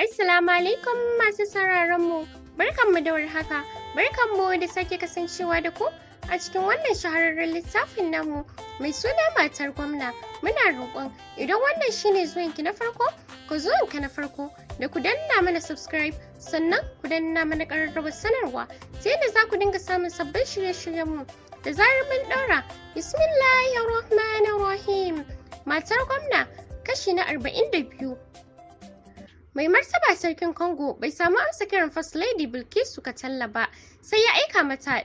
Assalamu alaikum masu sauraron mu. Barkanmu da warhaka. Barkanmu da sake kasancewa da ku a cikin wannan shahararren littafin namu mai suna matar gwamna. Muna roƙon idan wannan shine zuwanki na farko, ku zuwanka na farko da ku danna mana subscribe sannan ku danna mana ƙararrawar sanarwa sai da za ku dinga samun sabbin shirye mu. da zarar mun ɗora. Bismillahirrahmanirrahim. Matar gwamna kashi na arba'in da biyu. mai martaba sarkin congo bai samu amsa kiran first lady bilkisu katalla ba sai ya aika mata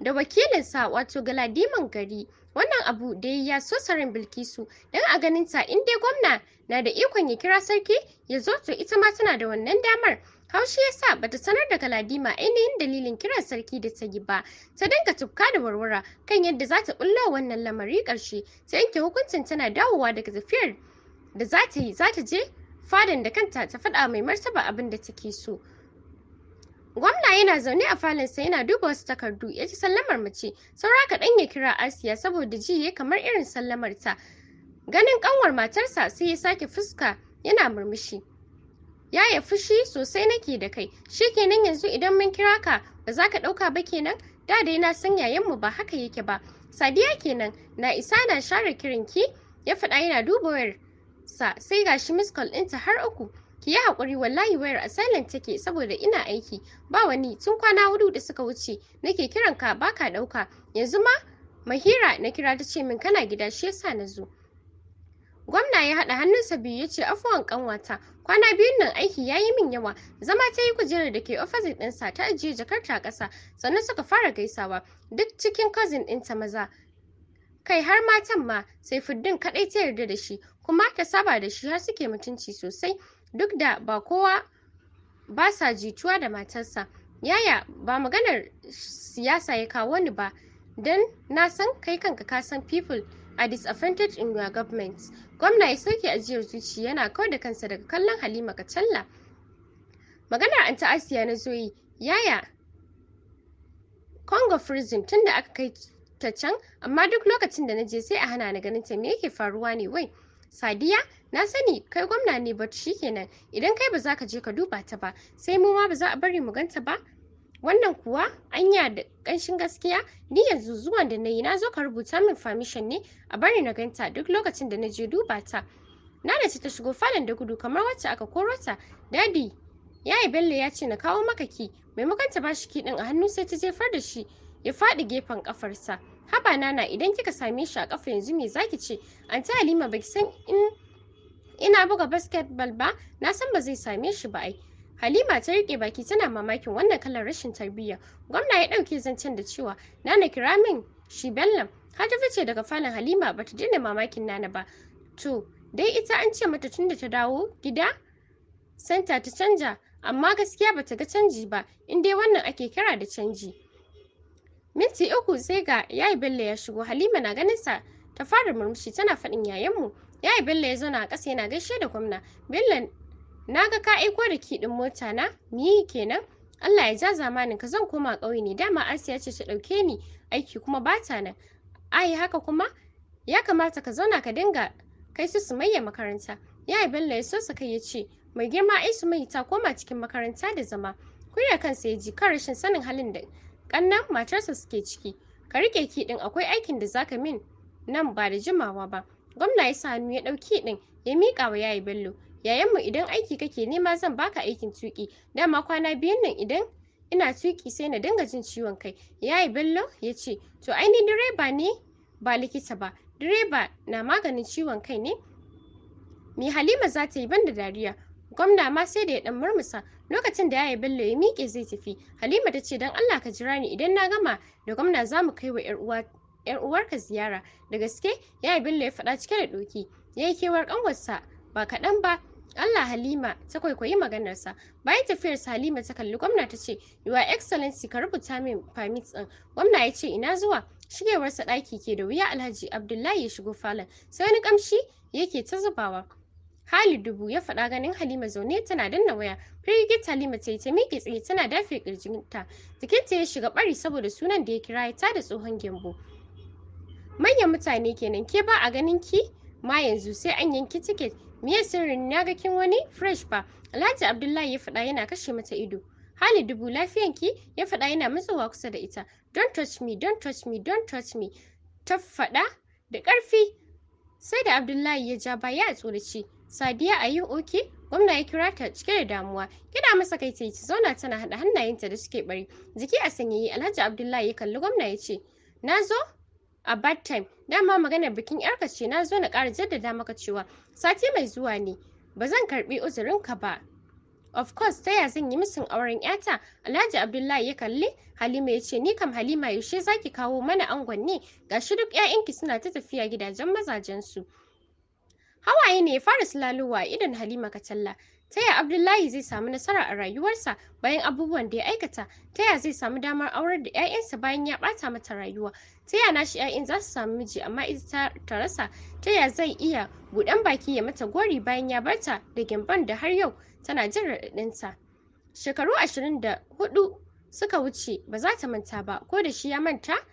da wakilinsa wato galadiman gari wannan abu da ya so sarin bilkisu don a ganin ta in dai gwamna na da ikon ya kira sarki ya zo to ita ma tana da wannan damar haushi ya sa bata sanar da galadima ainihin dalilin kiran sarki da ta yi ba ta dinga tufka da warwara kan yadda za ta bullo wannan lamari karshe ta yanke hukuncin tana dawowa daga tafiyar da za ta yi za ta je fadan da kanta ta faɗa mai martaba abin da take so gwamna yana zaune a sa yana duba wasu takardu ya ji sallamar mace saura kaɗan ya kira asiya saboda ji ya kamar irin sallamar ta ganin ƙanwar matarsa sai ya sake fuska yana murmushi ya ya fushi sosai nake da kai shi kenan yanzu idan mun kira ka ba za ka ɗauka ba kenan da dai na san yayanmu ba haka yake ba sadiya kenan na isa na share kirinki. ya faɗa yana duba wayar sa sai gashi miss call ɗinta har uku ki yi haƙuri wallahi wayar a silent take saboda ina aiki ba wani tun kwana hudu da suka wuce nake kiran ka baka ɗauka yanzu ma hira na kira ta ce min kana gida shi yasa na zo gwamna ya haɗa hannunsa biyu ya ce afuwan ƙanwata kwana biyun nan aiki ya yi min yawa zama ta yi kujerar da ke ofisit ɗinsa ta ajiye jakar ta ƙasa sannan suka fara gaisawa duk cikin cousin ɗinta maza kai har matan ma sai fuddin kaɗai ta yarda da shi kuma ta saba da shi har suke mutunci sosai duk da ba kowa ba sa jituwa da matarsa yaya ba maganar siyasa ya kawo ni ba don na san kai kanka ka san people a disadvantage in your government gwamna ya sauke ajiyar zuci yana kawar da kansa daga kallon halima kacalla maganar anta asiya na zoyi yaya congo prison tun da aka kai ta can amma duk lokacin da na je sai a hana na ganin ta me yake faruwa ne wai Sadiya, na sani kai gwamna ne but kenan idan kai baza za ka je ka duba ta ba, sai mu ma ba a bari mu ganta ba. Wannan kuwa anya da ƙanshin gaskiya ni yanzu zuwan da na yi na zo ka rubuta min permission ne a bari na ganta duk lokacin da na je duba ta. Na da ta shigo falon da gudu kamar wacce aka koro ta. Dadi, yayi Bello ya ce na kawo maka ki, maimakon ta bashi ki ɗin a hannu sai ta jefar da shi ya faɗi gefen ƙafarsa. haba nana idan kika same shi a kafa yanzu me zaki ce anti halima baki san in ina buga basket basketball ba na san ba zai same shi ba ai Halima ta rike baki tana mamakin wannan kalar rashin tarbiyya. Gwamna ya ɗauke zancen da cewa Nana kira min shi Bellam. Har ta fice daga falon Halima ba ta daina mamakin Nana ba. To, dai ita an ce mata tunda ta dawo gida santa ta canja amma gaskiya bata ga canji ba in dai wannan ake kira da canji. minti uku sai ga yayi bello ya shigo halima na ganin sa ta fara murmushi tana faɗin mu yayi bello ya zauna a ƙasa yana gaishe da gwamna bello na ga ka aiko da ki ɗin mota na ni kenan Allah ya ja zamanin ka zan koma ƙauye ne dama Asiya ce ta ɗauke ni aiki kuma bata nan ai haka kuma ya kamata ka zauna ka dinga kai su su maye makaranta yayi bello ya sosa kai ya ce mai girma ai su ta koma cikin makaranta da zama kunya kansa ya ji kan rashin sanin halin da ƙannan matarsa suke ciki ka rike kiɗin akwai aikin da zaka min nan ba da jimawa ba gwamna ya sa hannu ya ɗauki ɗin ya miƙa wa yayi bello yayanmu idan aiki kake nema zan baka aikin tuki. dama kwana biyun nan idan ina tuƙi sai na dinga jin ciwon kai yayi bello ya ce to ai ni direba ne ba likita ba direba na maganin ciwon kai ne me halima za ta yi banda dariya gwamna ma sai da ya ɗan murmusa lokacin da yayi bello ya miƙe zai tafi halima ta ce don allah ka jira ni idan na gama da gwamna za mu kai wa yar uwarka ziyara da gaske yaya bello ya faɗa cike da ɗoki ya yi kewar ƙanwarsa ba kaɗan ba Allah Halima ta kwaikwayi maganarsa bayan tafiyarsa Halima ta kalli gwamna ta ce Your Excellency ka rubuta min permit ɗin gwamna ya ce ina zuwa shigewarsa ɗaki ke da wuya Alhaji Abdullahi ya shigo falon sai wani kamshi yake ta zubawa Hali dubu ya faɗa ganin Halima zaune tana danna waya. Firgit Halima ta yi ta miƙe tsaye tana dafe ƙirjinta. Jikinta ya shiga ɓari saboda sunan da ya kira ya tada tsohon gembo. Manyan mutane kenan ke ba a ganin ki ma yanzu sai an yanki tiket. Miye sirrin na ga kin wani fresh ba. Alhaji Abdullahi ya faɗa yana kashe mata ido. Hali dubu lafiyanki ya faɗa yana matsowa kusa da ita. Don't touch me, don't touch me, don't touch me. Ta faɗa da ƙarfi sai da Abdullahi ya ja baya a tsorace. Sadiya a yi oke? Gwamna ya kira ta cike da damuwa. Kina masa kai ta ci zauna tana haɗa hannayenta da suke bari. Jiki a sanyayi Alhaji Abdullahi ya kalli gwamna ya ce, Na zo a bad time, dama maganar bikin yarka ce na zo na ƙara jaddada maka cewa sati mai zuwa ne, ba zan karɓi uzurinka ba. Of course, ta ya zan yi musun auren yata? Alhaji Abdullahi ya kalli Halima ya ce, Ni kam Halima yaushe zaki kawo mana angon ne? Gashi duk 'ya'yanki suna ta tafiya gidajen mazajensu. su. Hawaye ne ya fara sulaluwa a idon Halima Katalla. Ta yaya Abdullahi zai samu nasara a rayuwarsa bayan abubuwan da ya aikata? Ta yaya zai samu damar aurar da 'ya'yansa bayan ya ɓata mata rayuwa? Ta yaya nashi 'ya'yan za su samu miji amma ita ta rasa? Ta yaya zai iya buɗan baki ya mata gori bayan ya barta da gyamban da har yau tana jin raɗaɗinta? Shekaru ashirin da hudu suka wuce ba za ta manta ba ko da shi ya manta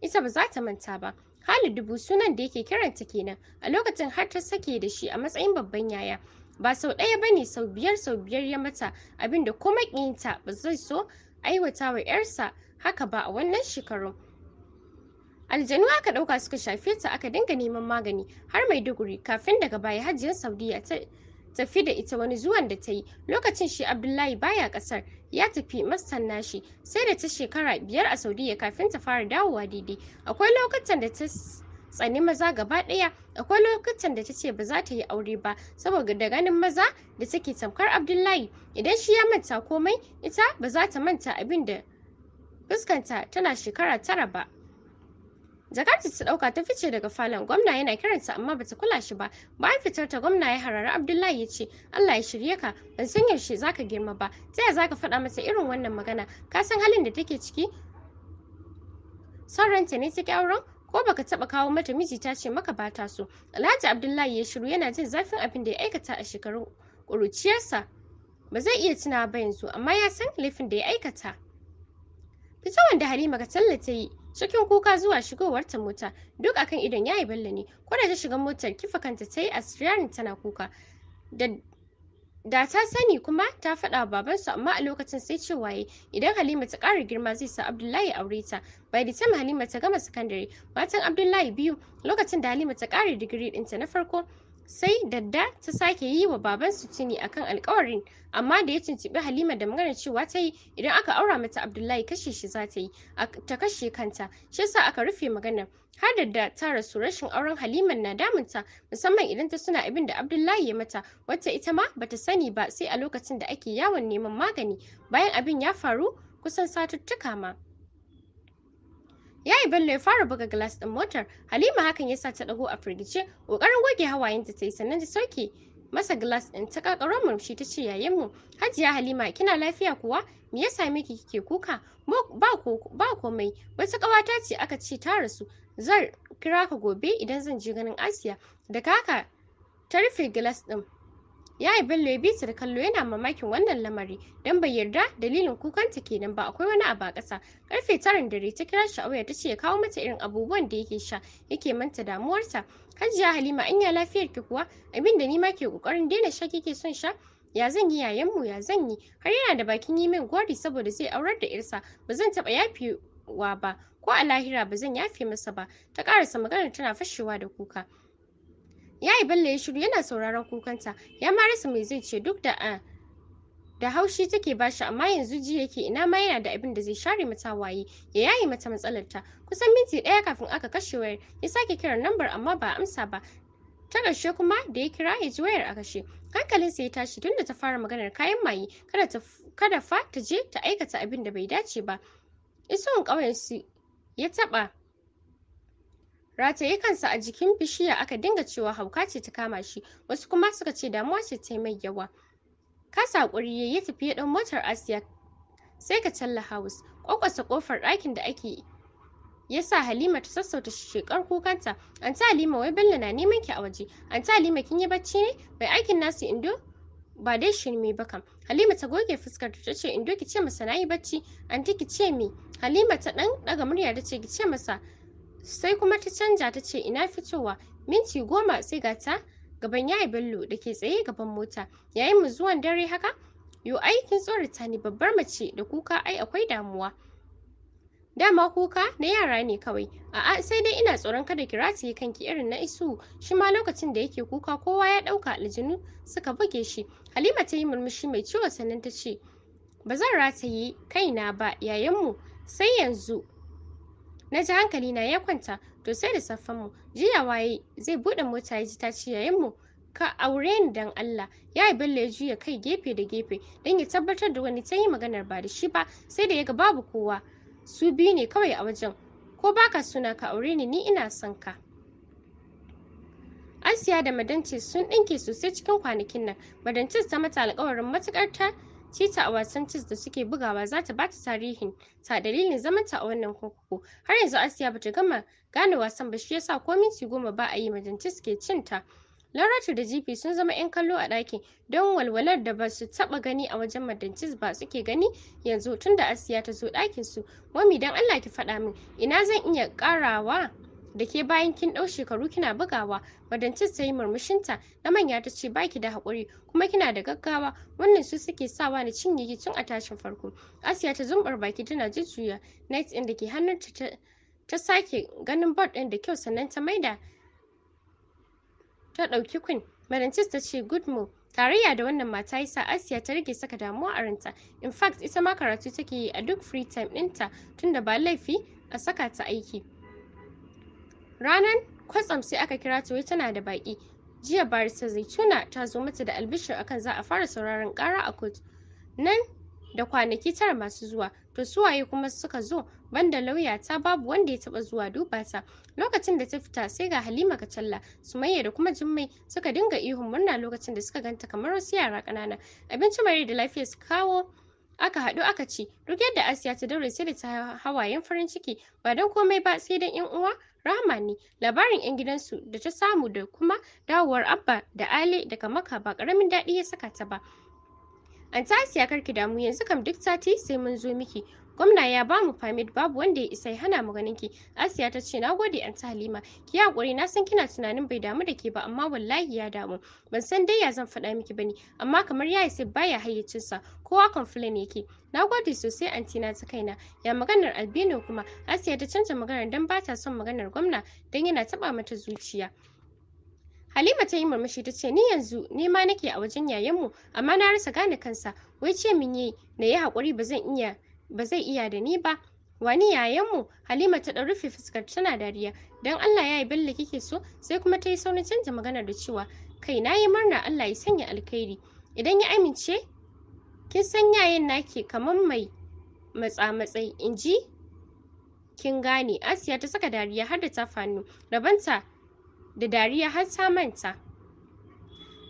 ita ba za ta manta ba. hali dubu sunan da yake kiranta kenan a lokacin har ta sake da shi a matsayin babban yaya ba sau ɗaya ba ne sau biyar sau biyar ya mata abinda kuma ƙinta ba zai so aiwata wa 'yarsa haka ba a wannan shekarun aljanu aka ɗauka suka shafe ta aka dinga neman magani har maiduguri kafin daga baya hajiyar saudiya ta tafi da ita wani zuwan da ta yi lokacin shi abdullahi baya ƙasar ya tafi mastan nashi sai da ta shekara biyar a saudiya kafin ta fara dawowa daidai akwai lokutan da ta tsani maza gaba ɗaya akwai lokutan da ta ce ba za ta yi aure ba saboda da ganin maza da take tamkar abdullahi idan shi ya manta komai ita ba za ta manta abin da fuskanta tana shekara tara ba jakarta ta ɗauka ta fice daga falon gwamna yana kiransa amma bata kula shi ba bayan fitar ta gwamna ya harara abdullahi ya ce allah ya shirye ka ban san yaushe zaka girma ba ta yaya zaka faɗa masa irin wannan magana ka san halin da take ciki son ranta ne ta auren ko baka taba kawo mata miji ta ce maka ba ta so alhaji abdullahi ya shiru yana jin zafin abin da ya aikata a shekarun ƙuruciyarsa ba zai iya tuna ba yanzu amma ya san laifin da ya aikata Fitowar da halima ka tallata yi cikin kuka zuwa shigowar ta mota duk akan idon yayi bello ne ko da ta shiga motar kifa kanta tayi yi tana kuka da da ta sani kuma ta faɗa wa babansu amma a lokacin sai ce waye idan halima ta ƙara girma zai sa abdullahi aure ta bai da halima ta gama sakandare matan abdullahi biyu lokacin da halima ta ƙara digiri ɗinta na farko sai dadda ta sake yi wa babansu tuni akan alkawarin amma da ya tuntuɓi halima da magana cewa ta yi idan aka aura mata abdullahi kashe shi za ta yi ta kashe kanta shi yasa aka rufe maganar har dadda ta rasu rashin auren haliman na damun ta, musamman idan ta suna abin da abdullahi ya mata wacce ita ma bata sani ba sai a lokacin da ake yawon neman magani bayan abin ya faru kusan satuttuka ma Yayi Bello ya fara buga glass din motar, Halima hakan yasa ta ɗago a firgice, kokarin goge hawayen ta yi sannan ta sauke masa glass din ta kakaro murmushi ta ce yayin mu Hajiya Halima kina lafiya kuwa me yasa miki kike kuka ba ko ba komai wata kawata ce aka ce ta rasu zan kira ka gobe idan zan je ganin Asiya da kaka ta rufe glass din. Yaya Bello ya bi ta da kallo yana mamakin wannan lamari don bai yarda dalilin kukanta kenan ba akwai wani abu a ƙasa. Karfe tarin dare ta kira shi a ta ce ya kawo mata irin abubuwan da yake sha yake manta damuwarta. Hajiya Halima anya lafiyar ki kuwa abin da ni ma ke kokarin daina sha kike son sha. Ya zan yi yayanmu ya zan yi har yana da bakin yi min gori saboda zai aurar da irsa ba zan taɓa yafi wa ba ko a lahira ba zan yafe masa ba ta karasa magana tana fashewa da kuka ya yi bello ya shiru yana sauraron kukanta ya ma rasa mai zai ce duk da a ah, da haushi take bashi amma yanzu ji yake ina ma yana da abin da zai share mata waye ya yayi mata ta kusan minti ɗaya kafin aka kashe wayar ya sake kiran nambar amma ba amsa ba ta ƙarshe kuma da ya kira ya ji wayar a kashe hankalinsa ya tashi da ta fara maganar kayan maye kada kada fa ta je ta aikata abin da bai dace ba isowan ƙauyen su ya taɓa rataye kansa a jikin bishiya aka dinga cewa hauka ce ta kama shi wasu kuma suka ce damuwa ce ta mai yawa kasa hakuri yayi ya tafi ya ɗan motar asiya sai ka talla house kwakwasa kofar ɗakin da ake yasa halima ta sassauta shekar kukanta an ta halima wai bello na neman ki a waje an halima kin yi bacci ne bai aikin nasu indo ba dai shirme ba kam halima ta goge fuskar ta ce indo ki ce masa nayi bacci an ki ce me halima ta dan ɗaga murya ta ce ki ce masa sai kuma ta canja ta ce ina fitowa minti goma sai ga ta gaban yayi bello da ke tsaye gaban mota yayin mu zuwan dare haka yo ai kin tsorata ne, babbar mace da kuka ai akwai damuwa dama kuka na yara ne kawai a'a sai dai ina tsoron kada ki rataye kanki irin na isu shi ma lokacin da yake kuka kowa ya ɗauka aljinu suka buge shi halima ta yi murmushi mai ciwo sannan ta ce ba zan rataye kaina ba yayan mu. sai yanzu na ji hankali na ya kwanta to sai da safan mu jiya waye zai buɗe mota ya ji ta ce yayin mu ka aure ni dan Allah ya yi balle ya juya kai gefe da gefe dan ya tabbatar da wani ta yi maganar ba da shi ba sai da ya ga babu kowa su biyu ne kawai a wajen ko baka suna ka aure ni ni ina son ka Asiya da Madance sun ɗinke sosai cikin kwanakin nan. Madance ta mata alƙawarin matuƙar ta Cita a wasan cis da suke bugawa za ta bata tarihin ta dalilin ta a wannan kurkuku. Har yanzu Asiya bata gama gane wasan ba shi yasa ko minti goma ba a yi majin chess ke cin ta. Laratu da Jifi sun zama 'yan kallo a ɗakin don walwalar da ba su taɓa gani a wajen madancis ba suke gani yanzu tunda Asiya ta zo ɗakin su. Mami don Allah ki faɗa min ina zan iya ƙarawa da ke bayan kin ɗau shekaru kina bugawa madancis ta yi murmushinta na manya ta ce baki da haƙuri kuma kina da gaggawa wannan su suke sawa na cinye ki tun a tashin farko asiya ta zumbar baki tana jujjuya night ɗin da ke hannunta ta sake ganin board ɗin da kyau sannan ta maida ta ɗauki queen madance ta ce good mo tarayya da wannan mata ya sa asiya ta rage saka damuwa a ranta in fact ita ma karatu take yi a duk free time ɗinta tunda ba laifi a saka ta aiki Ranan kwatsam sai aka kira ta wai tana da baƙi. Jiya barista Zaituna ta zo mata da albishir akan za a fara sauraron ƙara a kotu. Nan da kwanaki tara masu zuwa to waye kuma suka zo banda lauya ta babu wanda ya taba zuwa duba ta lokacin da ta fita sai ga Halima kacalla Sumayya da kuma Jummai suka dinga ihun murna lokacin da suka ganta kamar wasu yara ƙanana abinci mare da lafiya su kawo aka haɗu aka ci duk yadda Asiya ta daure sai da ta hawayen farin ciki ba don komai ba sai dan yan uwa Rahama ne labarin 'yan gidansu da ta samu da kuma dawowar Abba da Ale daga maka ba ƙaramin daɗi ya saka ta ba. Antasiya karki damu yanzu kam duk sati sai mun zo miki gwamna ya ba mu permit babu wanda ya isa ya hana mu ganin ki asiya ta ce nagode ta halima ki hakuri na san kina tunanin bai damu da ke ba amma wallahi ya damu ban san dai ya zan faɗa miki bane amma kamar ya isa baya hayyacinsa kowa complain yake na gode sosai na ta kaina ya maganar albino kuma asiya ta canza maganar dan ba ta son maganar gwamna dan yana taba mata zuciya Halima ta yi murmushi ta ce ni yanzu ni ma nake a wajen yayanmu amma na rasa gane kansa wai ce min yi na yi hakuri ba zan iya ba zai iya da ni ba wani yayanmu halima ta ɗan rufe fuskar tana dariya dan allah ya yi bello kike so sai kuma ta yi saurin canza maganar da cewa kai na yi murna allah ya sanya alkhairi idan ya amince kin san yayin nake kamar mai matsa matsai in ji kin gane asiya ta saka dariya har da ta fanu rabanta da dariya har ta manta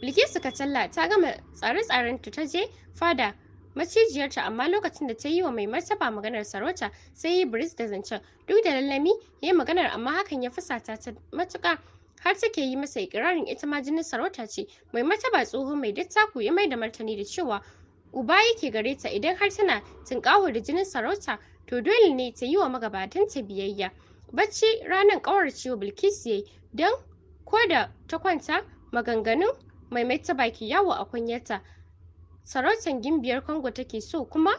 bilkisu katalla ta gama tsare-tsarenta ta je fada macijiyarta amma lokacin da ta yi wa mai martaba maganar sarauta sai yi biris da zancen duk da lallami ya yi maganar amma hakan ya fusata ta matuka har take yi masa ikirarin ita ma jinin sarauta ce mai martaba tsohon mai dattaku ya mai da martani da cewa uba yake gare ta idan har tana tunƙaho da jinin sarauta to dole ne ta yi wa magabatanta biyayya bacci ranar ƙawar ciwo ya yi don ko da ta kwanta maganganun mai martaba ke yawo a kunyarta sarautar gimbiyar Congo take so kuma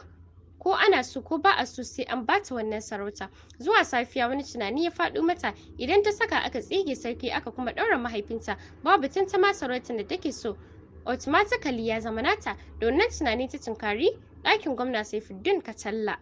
ko ana so ko ba a so sai an bata wannan sarauta zuwa safiya wani tunani ya faɗo mata idan ta saka aka tsige sarki aka kuma ɗaura mahaifinta babu ma sarautar da take so automatically ya zama nata da wannan tunani ta tunkari ɗakin gwamna saifuddin katalla